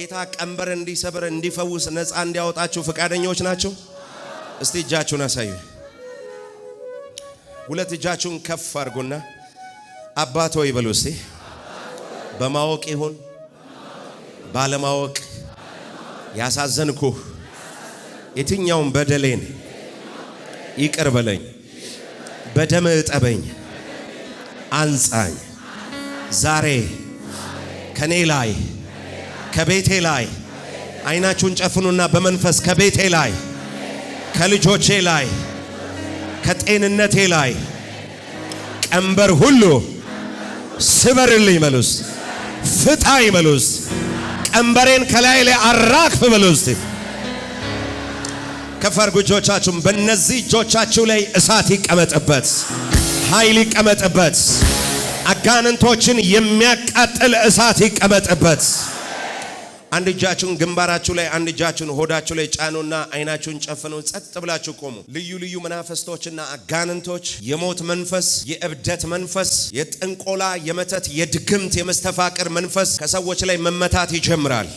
ጌታ ቀንበር እንዲሰብር እንዲፈውስ ነፃ እንዲያወጣችሁ ፈቃደኞች ናቸው? እስቲ እጃችሁን አሳዩ። ሁለት እጃችሁን ከፍ አድርጉና አባት ሆይ በሉ እስቲ። በማወቅ ይሁን ባለማወቅ ያሳዘንኩህ የትኛውን በደሌን ይቅር በለኝ፣ በደም እጠበኝ፣ አንጻኝ ዛሬ ከኔ ላይ ከቤቴ ላይ አይናችሁን ጨፍኑና በመንፈስ ከቤቴ ላይ ከልጆቼ ላይ ከጤንነቴ ላይ ቀንበር ሁሉ ስበርልኝ በሉስ፣ ፍታኝ በሉስ፣ ቀንበሬን ከላይ ላይ አራግፍ በሉስ። ከፈርጉ እጆቻችሁም በእነዚህ እጆቻችሁ ላይ እሳት ይቀመጥበት፣ ኃይል ይቀመጥበት፣ አጋንንቶችን የሚያቃጥል እሳት ይቀመጥበት። አንድ እጃችሁን ግንባራችሁ ላይ አንድ እጃችሁን ሆዳችሁ ላይ ጫኑና አይናችሁን ጨፍኑ። ጸጥ ብላችሁ ቆሙ። ልዩ ልዩ መናፈስቶችና አጋንንቶች፣ የሞት መንፈስ፣ የእብደት መንፈስ፣ የጥንቆላ፣ የመተት፣ የድግምት፣ የመስተፋቅር መንፈስ ከሰዎች ላይ መመታት ይጀምራል።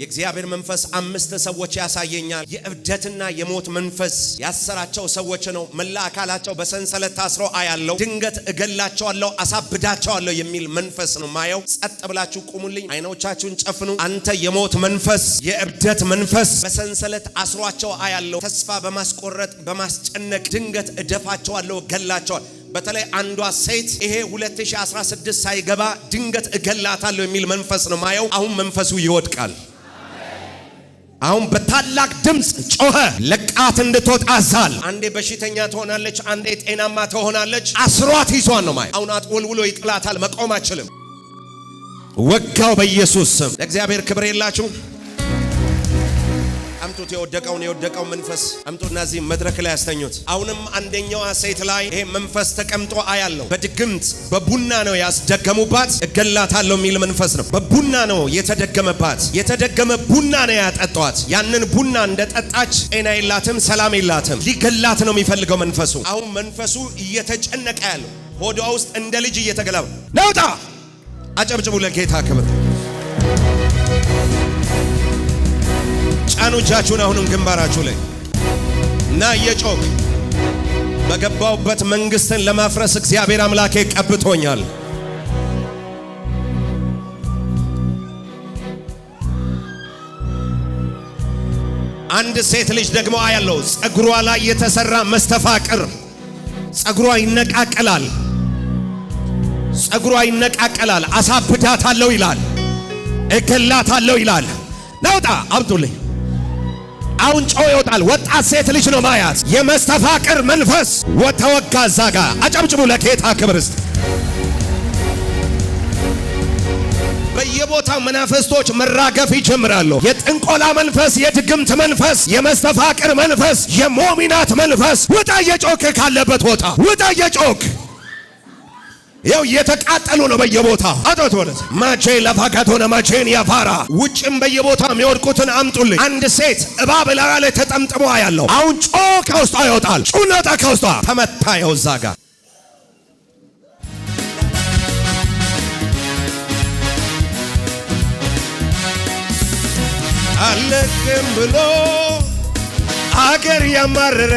የእግዚአብሔር መንፈስ አምስት ሰዎች ያሳየኛል። የእብደትና የሞት መንፈስ ያሰራቸው ሰዎች ነው። መላ አካላቸው በሰንሰለት ታስሮ አያለው። ድንገት እገላቸዋለሁ፣ አሳብዳቸዋለሁ የሚል መንፈስ ነው ማየው። ጸጥ ብላችሁ ቁሙልኝ፣ አይኖቻችሁን ጨፍኑ። አንተ የሞት መንፈስ፣ የእብደት መንፈስ በሰንሰለት አስሯቸው አያለው። ተስፋ በማስቆረጥ በማስጨነቅ ድንገት እደፋቸዋለሁ፣ እገላቸዋል በተለይ አንዷ ሴት ይሄ 2016 ሳይገባ ድንገት እገላታለሁ የሚል መንፈስ ነው ማየው። አሁን መንፈሱ ይወድቃል። አሁን በታላቅ ድምፅ ጮኸ። ለቃት እንድትወጣ አዛል። አንዴ በሽተኛ ትሆናለች፣ አንዴ ጤናማ ትሆናለች። አስሯት ይዟን ነው ማየ። አሁን አጥወልውሎ ይጥላታል። መቆም አችልም። ወጋው በኢየሱስ ስም። ለእግዚአብሔር ክብር የላችሁ አምጡት፣ የወደቀውን የወደቀው መንፈስ አምጡና እዚህ መድረክ ላይ ያስተኙት። አሁንም አንደኛዋ ሴት ላይ ይሄ መንፈስ ተቀምጦ አያለው። በድግምት በቡና ነው ያስደገሙባት። እገላታለሁ የሚል መንፈስ ነው። በቡና ነው የተደገመባት። የተደገመ ቡና ነው ያጠጧት። ያንን ቡና እንደጠጣች ጤና የላትም፣ ሰላም የላትም። ሊገላት ነው የሚፈልገው መንፈሱ። አሁን መንፈሱ እየተጨነቀ ያለው ሆዷ ውስጥ እንደ ልጅ እየተገላበጠ ነውጣ። አጨብጭቡ ለጌታ ክብር። ጻኑ እጃችሁን አሁንም ግንባራችሁ ላይ እና እየጮክ በገባውበት መንግስትን ለማፍረስ እግዚአብሔር አምላኬ ቀብቶኛል። አንድ ሴት ልጅ ደግሞ አያለው ጸጉሯ ላይ የተሰራ መስተፋቅር፣ ጸጉሯ ይነቃቀላል፣ ጸጉሯ ይነቃቀላል። አሳብዳታለሁ ይላል፣ እገላታለሁ ይላል። ናውጣ አብጡልኝ አሁን ጮ ይወጣል። ወጣት ሴት ልጅ ነው ማያት የመስተፋቅር መንፈስ ወተወጋ እዛ ጋ አጨብጭቡ ለጌታ ክብር ስጥ። በየቦታው መናፈስቶች መራገፍ ይጀምራሉ። የጥንቆላ መንፈስ፣ የድግምት መንፈስ፣ የመስተፋቅር መንፈስ፣ የሞሚናት መንፈስ ውጣ! እየጮክ ካለበት ወጣ! ውጣ! እየጮክ ያው እየተቃጠሉ ነው በየቦታው አጥቶት ወለስ ማቼ ለፋካቶነ ማቼን ያፋራ ውጭም በየቦታው የሚወድቁትን አምጡልኝ። አንድ ሴት እባብ ላ ላይ ተጠምጥሞ ያለው አሁን ጮ ከውስጧ ይወጣል። ጩነታ ከውስጧ ተመታ። ያው እዛ ጋር አለቅም ብሎ አገር ያማረረ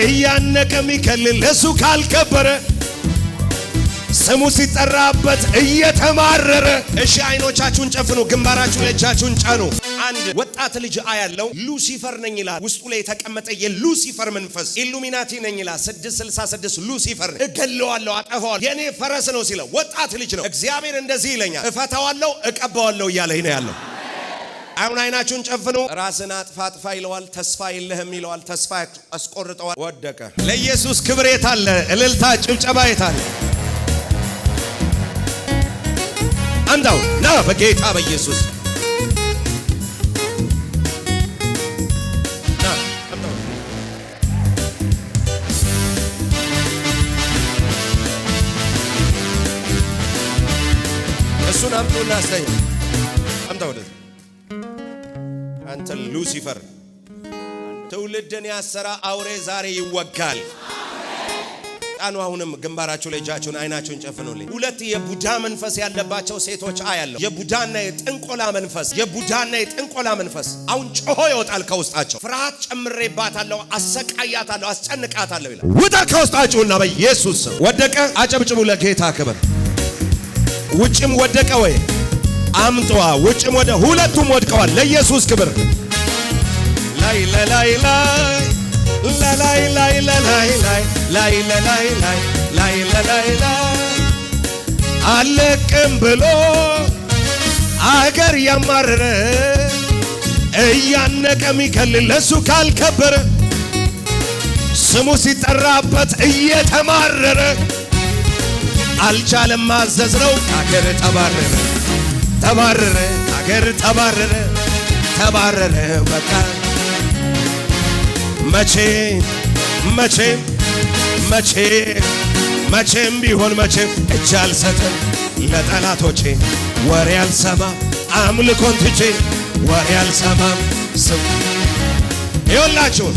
እያነቀ የሚከልል እሱ ካልከበረ ስሙ ሲጠራበት እየተማረረ። እሺ አይኖቻችሁን ጨፍኑ፣ ግንባራችሁ እጃችሁን ጫኑ። አንድ ወጣት ልጅ አያለው። ሉሲፈር ነኝ ይላል። ውስጡ ላይ የተቀመጠ የሉሲፈር መንፈስ ኢሉሚናቲ ነኝ ይላል። 666 ሉሲፈር እገለዋለሁ፣ አጠፋዋለሁ፣ የእኔ ፈረስ ነው ሲለው ወጣት ልጅ ነው። እግዚአብሔር እንደዚህ ይለኛል፣ እፈታዋለሁ፣ እቀባዋለሁ እያለኝ ነው ያለው። አሁን አይናችሁን ጨፍኑ። ራስን አጥፋ አጥፋ ይለዋል። ተስፋ የለህም ይለዋል። ተስፋ አስቆርጠዋል። ወደቀ። ለኢየሱስ ክብር የታለ? እልልታ ጭብጨባ የታለ? አንዳው ና በጌታ በኢየሱስ እሱን አምጣ አንተ ሉሲፈር ትውልድን ያሰራ አውሬ ዛሬ ይወጋል። ኢትዮጵያውያኑ አሁንም ግንባራቸው ላይ እጃቸውን አይናቸውን ጨፍኖልኝ፣ ሁለት የቡዳ መንፈስ ያለባቸው ሴቶች አያለሁ። የቡዳና የጥንቆላ መንፈስ፣ የቡዳና የጥንቆላ መንፈስ አሁን ጮሆ ይወጣል ከውስጣቸው። ፍርሃት ጨምሬባታለሁ፣ አሰቃያታለሁ፣ አስጨንቃታለሁ ይላል። ውጣ ከውስጣችሁና በኢየሱስ ስም ወደቀ። አጨብጭቡ ለጌታ ክብር። ውጭም ወደቀ ወይ አምጧ። ውጭም ወደ ሁለቱም ወድቀዋል። ለኢየሱስ ክብር ላይ ለላይ ላይ ላላይ ላይ ላላይ ላይ ላይ ላይ ላይ ላይ ላይ ላይ አለቅም ብሎ አገር ያማረረ እያነቀ ሚከልል ለሱ ካልከበረ ስሙ ሲጠራበት እየተማረረ አልቻለም ማዘዝ ነው ከአገር ተባረረ ተባረረ ከአገር ተባረረ ተባረረ በቃ መቼም መቼም መቼም መቼም ቢሆን መቼም እጅ አልሰጥም ለጠላቶቼ ወሬ አልሰማም አምልኮን ትቼ ወሬ አልሰማም ስም ይወላችሁን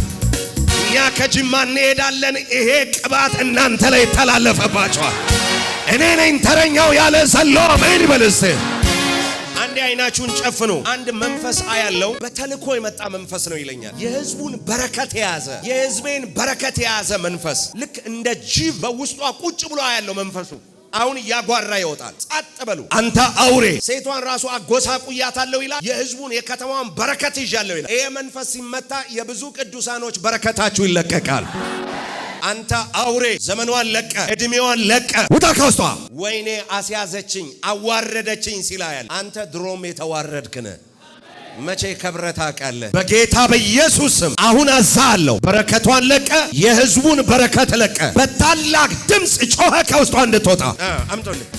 እኛ ከጅማ እንሄዳለን። ይሄ ቅባት እናንተ ላይ ይተላለፈባቸዋል። እኔ ነኝ ተረኛው ያለ ሰሎ ምን ይበልስት አንዳንዴ አይናችሁን ጨፍኑ። አንድ መንፈስ አያለው በተልኮ የመጣ መንፈስ ነው ይለኛል። የህዝቡን በረከት የያዘ የህዝቤን በረከት የያዘ መንፈስ ልክ እንደ ጅብ በውስጧ ቁጭ ብሎ አያለው መንፈሱ አሁን እያጓራ ይወጣል። ጸጥ በሉ አንተ አውሬ። ሴቷን ራሱ አጎሳቁያታለሁ ይላል። የህዝቡን የከተማዋን በረከት ይዣለሁ ይላል። ይሄ መንፈስ ሲመታ የብዙ ቅዱሳኖች በረከታችሁ ይለቀቃል። አንተ አውሬ ዘመኗን ለቀ እድሜዋን ለቀ ውጣ ከውስጧ። ወይኔ አስያዘችኝ፣ አዋረደችኝ ሲላያል። አንተ ድሮም የተዋረድክነ መቼ ከብረት አቃለ በጌታ በኢየሱስ ስም አሁን አዛ አለው። በረከቷን ለቀ፣ የህዝቡን በረከት ለቀ። በታላቅ ድምፅ ጮኸ ከውስጧ እንድትወጣ አምጦልኝ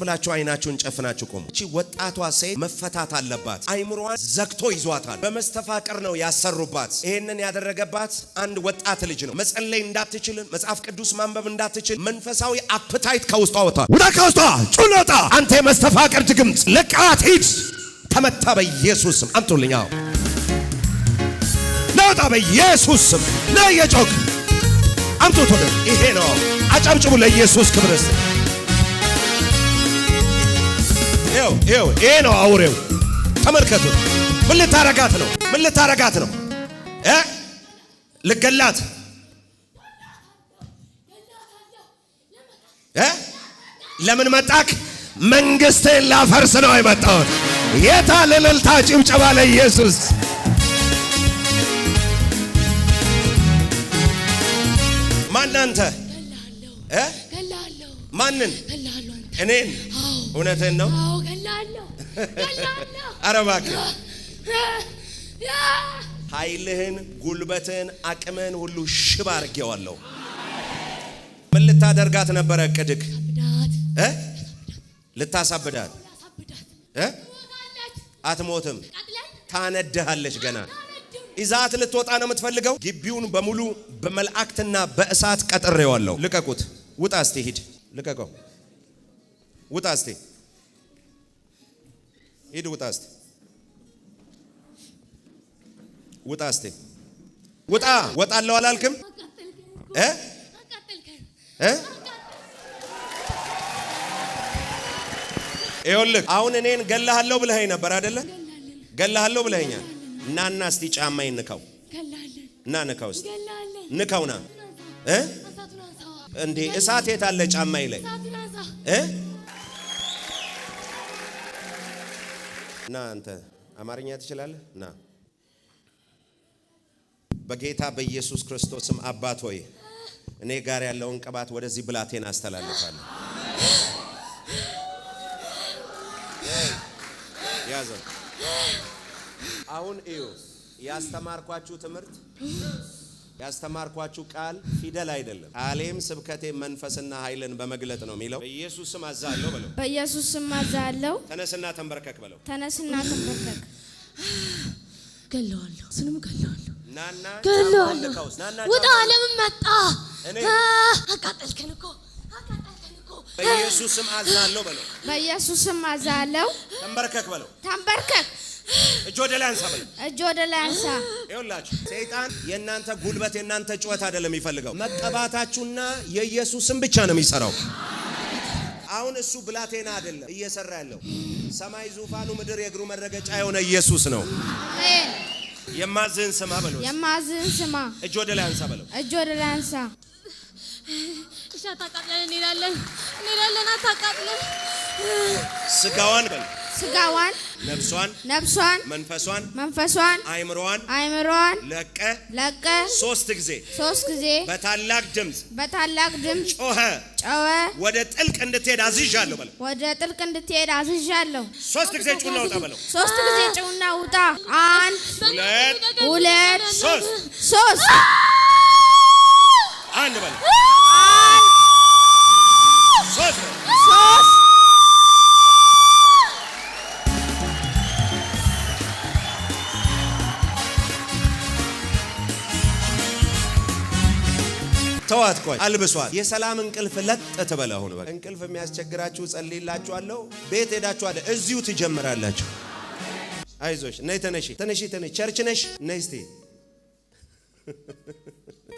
ብላችሁ አይናችሁን ጨፍናችሁ ቆሙ። እቺ ወጣቷ ሴት መፈታት አለባት። አይምሮዋን ዘግቶ ይዟታል። በመስተፋቅር ነው ያሰሩባት። ይህንን ያደረገባት አንድ ወጣት ልጅ ነው። መጸለይ እንዳትችል፣ መጽሐፍ ቅዱስ ማንበብ እንዳትችል መንፈሳዊ አፕታይት ከውስጧ ወጥቷል። ውጣ ከውስጧ ጩኖጣ አንተ የመስተፋቅር ድግምት ልቃት ሂድ ተመታ በኢየሱስ ስም አምጡልኛ ለወጣ በኢየሱስ ስም ለየጮክ አምጡት ይሄ ነው አጨብጭቡ ለኢየሱስ ክብርስ ይኸው ይኸው ይሄ ነው አውሬው። ተመልከቱት። ምን ልታረጋት ነው? ምን ልታረጋት ነው? ልገላት ለምን መጣክ? መንግስትን ላፈርስ ነው የመጣሁት። የታ ልልልታ ጭብጨባ ለኢየሱስ ማናንተ ማንን እኔን እውነትን ነው። ኧረ እባክህ ኃይልህን፣ ጉልበትን፣ አቅምን ሁሉ ሽባ አድርጌዋለሁ። ምን ልታደርጋት ነበረ? ቅድግ ልታሳብዳት? አትሞትም፣ ታነድሃለች። ገና ይዛት ልትወጣ ነው የምትፈልገው። ግቢውን በሙሉ በመላእክትና በእሳት ቀጥሬዋለሁ። ልቀቁት! ውጣ እስቲ ሂድ፣ ልቀቀው ውጣ እስቲ ሂድ፣ ውጣ እስቲ ውጣ እስቲ ውጣ። ወጣለሁ አላልክም እ እ ይኸውልህ አሁን እኔን ገላሃለሁ ብለኸኝ ነበር አይደለ? ገላሃለሁ ብለኸኛል። እና እስቲ ጫማይ ንካው እና ንካው እስቲ ንካውና እ እንዴ እሳት የት አለ ጫማይ ላይ እ ና አንተ አማርኛ ትችላለህ? ና በጌታ በኢየሱስ ክርስቶስም አባት ሆይ እኔ ጋር ያለውን ቅባት ወደዚህ ብላቴን አስተላልፋለሁ። ያዘው። አሁን እዩ ያስተማርኳችሁ ትምህርት ያስተማርኳችሁ ቃል ፊደል አይደለም፣ ቃሌም ስብከቴ መንፈስና ኃይልን በመግለጥ ነው የሚለው። በኢየሱስ ስም አዛለሁ በለው። በኢየሱስ ስም አዛለሁ። ተነስና ተንበርከክ በለው። ተነስና ተንበርከክ። ገለዋለሁ፣ ስንም ገለዋለሁ፣ ናና ገለዋለሁ። ውጣ! አለም መጣ? አቃጠልከን እኮ በኢየሱስ ስም አዛለሁ በለው። በኢየሱስ ስም አዛለሁ። ተንበርከክ በለው። ተንበርከክ እጅ ወደ ላይ አንሳ እጅ ወደ ላይ አንሳ። ይኸውላችሁ ሰይጣን የእናንተ ጉልበት የእናንተ ጩኸት አይደለም የሚፈልገው መቀባታችሁና የኢየሱስን ብቻ ነው የሚሰራው። አሁን እሱ ብላቴና አይደለም እየሰራ ያለው ሰማይ ዙፋኑ ምድር የእግሩ መረገጫ የሆነ ኢየሱስ ነው። የማዝህን ስማ በለው። የማዝህን ስማ። እጅ ወደ ላይ አንሳ በለው። እጅ ወደ ላይ አንሳ። እሺ አታቃጥለን እንሄዳለን፣ እንሄዳለን። አታቃጥለን ስጋዋን በለው። ስጋዋን ነብሷን ነብሷን መንፈሷን መንፈሷን አይምሮዋን አይምሮዋን ለቀ ለቀ ሶስት ጊዜ ሶስት ጊዜ በታላቅ ድምፅ በታላቅ ድምፅ ጮኸ ጮኸ ወደ ጥልቅ እንድትሄድ አዝዣለሁ በለው። ወደ ጥልቅ እንድትሄድ አዝዣለሁ። ሶስት ጊዜ ጩና ውጣ በለው። ሶስት ጊዜ ጩና ውጣ። አንድ ሁለት ሁለት ሶስት ሶስት አንድ በለው። አንድ ሶስት ሶስት ተዋት፣ ቆይ አልብሷት። የሰላም እንቅልፍ ለጥ ትበል። አሁን በቃ እንቅልፍ የሚያስቸግራችሁ ጸልይላችኋለሁ። ቤት ሄዳችሁ አለ እዚሁ ትጀምራላችሁ። አይዞሽ ነይ ተነሺ፣ ተነሺ፣ ተነሺ። ቸርች ነሽ? ነይ እስቲ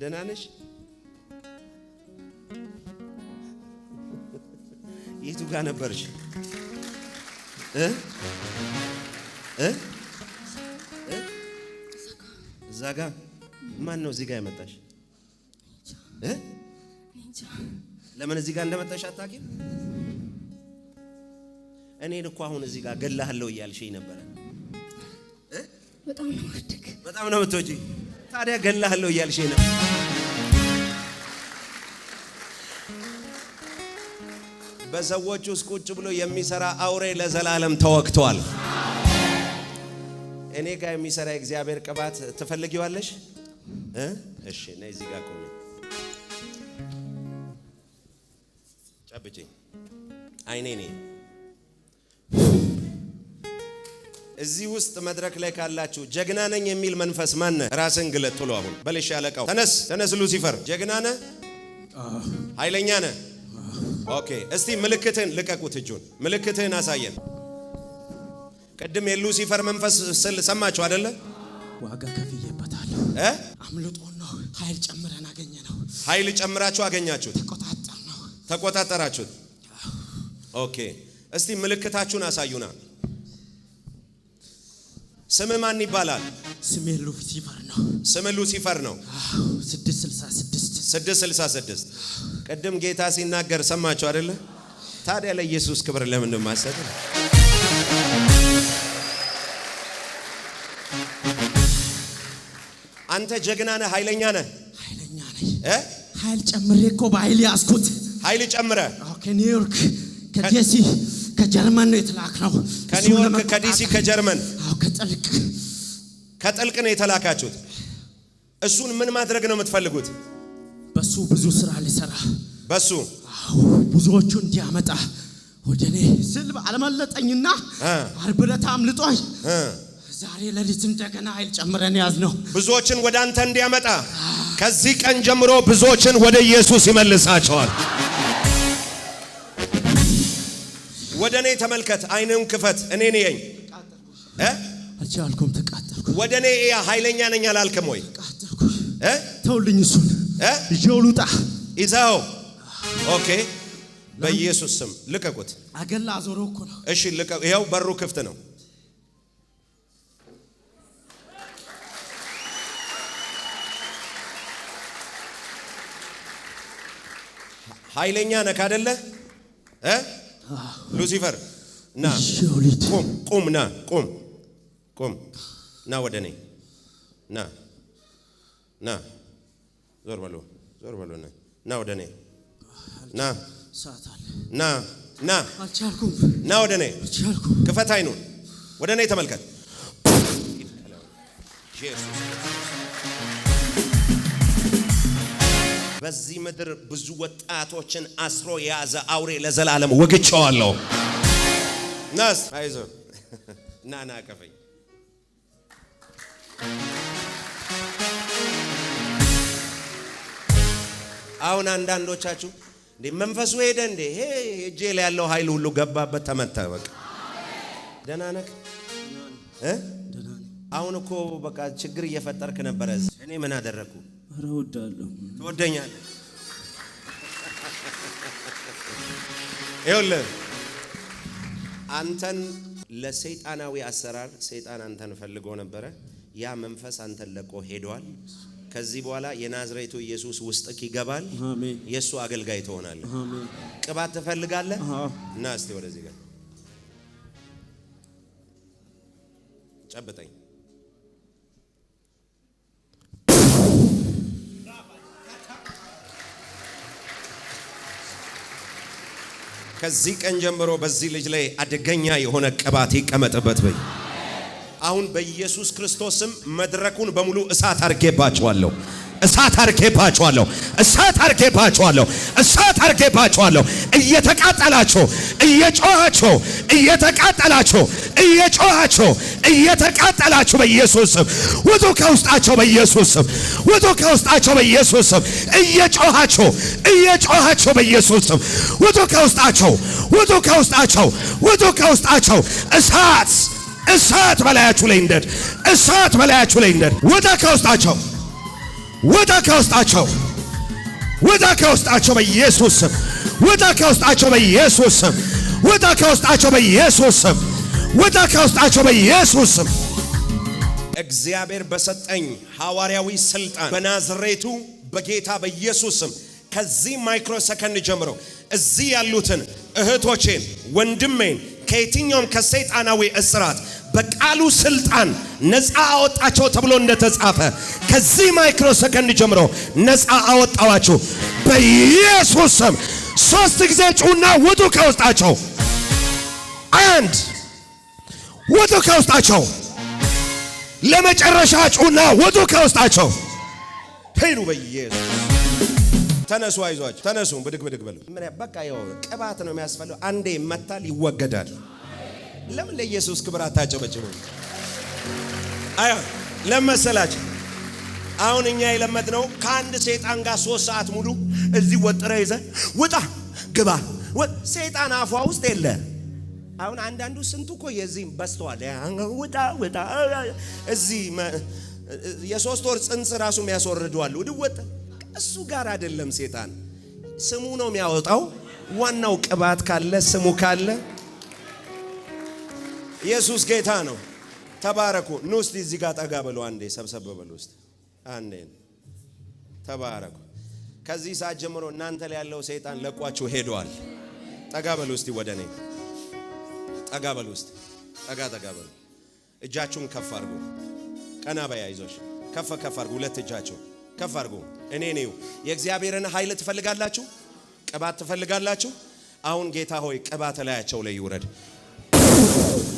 ደህና ነሽ? የቱ ጋር ነበርሽ? እዛ ጋ ማን ነው እዚህ ጋ ያመጣሽ? ለምን እዚህ ጋር እንደመጣሽ አታውቂም? እኔን እኮ አሁን እዚህ ጋር ገላሃለሁ እያልሽኝ ነበረ። በጣም ነው የምትወጪው። ታዲያ ገላሃለሁ እያልሽኝ ነበር። በሰዎች ውስጥ ቁጭ ብሎ የሚሰራ አውሬ ለዘላለም ተወግቷል። እኔ ጋር የሚሰራ እግዚአብሔር ቅባት ትፈልጊዋለሽ? እሺ፣ ነይ እዚህ ጋር ቆሜ ጨብጭኝ አይኔ ኔ እዚህ ውስጥ መድረክ ላይ ካላችሁ ጀግና ነኝ የሚል መንፈስ ማነ? ራስን ግለት ጥሎ አሁን በልሽ አለቃው ተነስ፣ ተነስ ሉሲፈር፣ ጀግና ነ፣ ኃይለኛ ነ። ኦኬ፣ እስቲ ምልክትህን ልቀቁት፣ እጁን ምልክትህን አሳየን። ቅድም የሉሲፈር መንፈስ ስል ሰማችሁ አይደለ? ዋጋ ከፍዬበታለሁ። አምልጦ ነው ኃይል ጨምረን አገኘ ነው። ኃይል ጨምራችሁ አገኛችሁት። ተቆጣጠራችሁት? ኦኬ። እስቲ ምልክታችሁን አሳዩና። ስም ማን ይባላል? ስሜ ሉሲፈር ነው። ስም ሉሲፈር ነው። 666 666 ቅድም ጌታ ሲናገር ሰማችሁ አይደለ? ታዲያ ለኢየሱስ ክብር ለምን እንደማሰጥ አንተ ጀግና ነህ፣ ኃይለኛ ነህ። ኃይለኛ ነህ። ኃይል ጨምሬ እኮ በኃይል ያዝኩት ኃይል ጨምረ ከኒውዮርክ ከዲሲ ከጀርመን ነው የተላክ ነው። ከኒውዮርክ ከዲሲ ከጀርመን ከጥልቅ ከጥልቅ ነው የተላካችሁት። እሱን ምን ማድረግ ነው የምትፈልጉት? በሱ ብዙ ስራ ሊሰራ በሱ ብዙዎቹ እንዲያመጣ ወደ እኔ ስል አለመለጠኝና ዓርብ አምልጦኝ ዛሬ ለሊት እንደገና ኃይል ጨምረን ያዝ ነው ብዙዎችን ወደ አንተ እንዲያመጣ ከዚህ ቀን ጀምሮ ብዙዎችን ወደ ኢየሱስ ይመልሳቸዋል። ወደ እኔ ተመልከት፣ አይንም ክፈት፣ እኔ ነኝ። አልቻልኩም፣ ተቃጠልኩ። ወደ እኔ ያ ኃይለኛ ነኝ አላልክም ወይ? ተውልኝ፣ እሱን ይዤው ልውጣ። ይዛው ኦኬ። በኢየሱስ ስም ልቀቁት። አገላ ዞሮ እኮ ነው። እሺ ልቀቁ። ይኸው በሩ ክፍት ነው። ኃይለኛ ነክ አይደለ? ሉሲፈር ና ቁም ቁም ና ቁም ቁም ና ወደ እኔ ና ና ዞር በሉ ዞር በሉ ና ወደ እኔ ና ና ና ና ወደ እኔ ክፈት አይኑን ወደ እኔ ተመልከት። በዚህ ምድር ብዙ ወጣቶችን አስሮ የያዘ አውሬ ለዘላለም ወግቸዋለሁ። ነስ አይዞ ና ቀፈኝ አሁን አንዳንዶቻችሁ እንዴ መንፈሱ ሄደ እንዴ ይሄ እጄ ላይ ያለው ኃይል ሁሉ ገባበት፣ ተመታ። በቃ ደህና ነህ አሁን እኮ በቃ ችግር እየፈጠርክ ነበረ። እኔ ምን አደረግኩ? ኧረ እወዳለሁ። ትወደኛለህ? ይኸውልህ አንተን ለሰይጣናዊ አሰራር ሰይጣን አንተን ፈልጎ ነበረ። ያ መንፈስ አንተን ለቆ ሄዷል። ከዚህ በኋላ የናዝሬቱ ኢየሱስ ውስጥ ይገባል። የእሱ አገልጋይ ትሆናለህ። ቅባት ትፈልጋለህ? እና እስቲ ወደዚህ ጋር ጨብጠኝ። ከዚህ ቀን ጀምሮ በዚህ ልጅ ላይ አደገኛ የሆነ ቅባት ይቀመጥበት በይ። አሁን በኢየሱስ ክርስቶስም መድረኩን በሙሉ እሳት አርጌባቸዋለሁ። እሳት አርጌባቸዋለሁ። እሳት አርጌባቸዋለሁ። እሳት አርጌባቸዋለሁ። እየተቃጠላቸው እየጮኋቸው እየተቃጠላቸው እየጮኋቸው እየተቃጠላችሁ በኢየሱስ ስም ውጡ ከውስጣቸው፣ በኢየሱስ ስም ውጡ ከውስጣቸው፣ በኢየሱስ ስም እየጮሃቸው እየጮሃቸው፣ በኢየሱስ ስም ውጡ ከውስጣቸው፣ ውጡ ከውስጣቸው፣ ውጡ ከውስጣቸው እሳት እሳት በላያችሁ ላይ እንደድ እሳት በላያችሁ ላይ እንደድ ውጣ ከውስጣቸው ውጣ ከውስጣቸው ውጣ ከውስጣቸው በኢየሱስ ስም ውጣ ከውስጣቸው በኢየሱስ ስም ውጣ ከውስጣቸው በኢየሱስ ስም ውጣ ከውስጣቸው በኢየሱስ ስም። እግዚአብሔር በሰጠኝ ሐዋርያዊ ስልጣን በናዝሬቱ በጌታ በኢየሱስ ስም ከዚህ ማይክሮ ሰከንድ ጀምሮ እዚህ ያሉትን እህቶቼን ወንድሜን ከየትኛውም ከሰይጣናዊ እስራት በቃሉ ስልጣን ነፃ አወጣቸው ተብሎ እንደተጻፈ ከዚህ ማይክሮ ሰከንድ ጀምሮ ነፃ አወጣዋችሁ በኢየሱስ ስም። ሶስት ጊዜ ጩና ውጡ ከውስጣቸው አንድ ውጡ ከውስጣቸው። ለመጨረሻ ጩና ውጡ ከውስጣቸው። ሄዱ በኢየሱስ ተነሱ፣ አይዟቸው ተነሱ። ብድግ ብድግ በሉ። ምን በቃ ያው ቅባት ነው የሚያስፈልገው። አንዴ ይመታል፣ ይወገዳል። ለምን ለኢየሱስ ክብር አታጨበጭቡ? አያ ለመሰላችሁ አሁን እኛ የለመድነው ከአንድ ሰይጣን ጋር ሶስት ሰዓት ሙሉ እዚህ ወጥረ ይዘ ውጣ ግባ። ሰይጣን አፏ ውስጥ የለ አሁን አንዳንዱ ስንቱ እኮ የዚህ በስተዋል ውጣ ውጣ እዚህ የሶስት ወር ጽንስ ራሱ ያስወርደዋል። ውድወጥ እሱ ጋር አይደለም። ሴጣን ስሙ ነው የሚያወጣው። ዋናው ቅባት ካለ ስሙ ካለ ኢየሱስ ጌታ ነው። ተባረኩ። ኑ እስቲ እዚህ ጋር ጠጋ በሉ አንዴ፣ ሰብሰብ በሉ ውስጥ አንዴ። ተባረኩ። ከዚህ ሰዓት ጀምሮ እናንተ ላይ ያለው ሰይጣን ለቋችሁ ሄደዋል። ጠጋ በሉ እስቲ ወደ እኔ ጠጋ በሉ ውስጥ ጠጋ ጠጋ በሉ። እጃችሁን ከፍ አድርጉ። ቀና በያይዞች ከፍ ከፍ አድርጉ። ሁለት እጃችሁ ከፍ አድርጉ። እኔ ነው የእግዚአብሔርን ኃይል ትፈልጋላችሁ፣ ቅባት ትፈልጋላችሁ። አሁን ጌታ ሆይ ቅባት ላያቸው ላይ ይውረድ።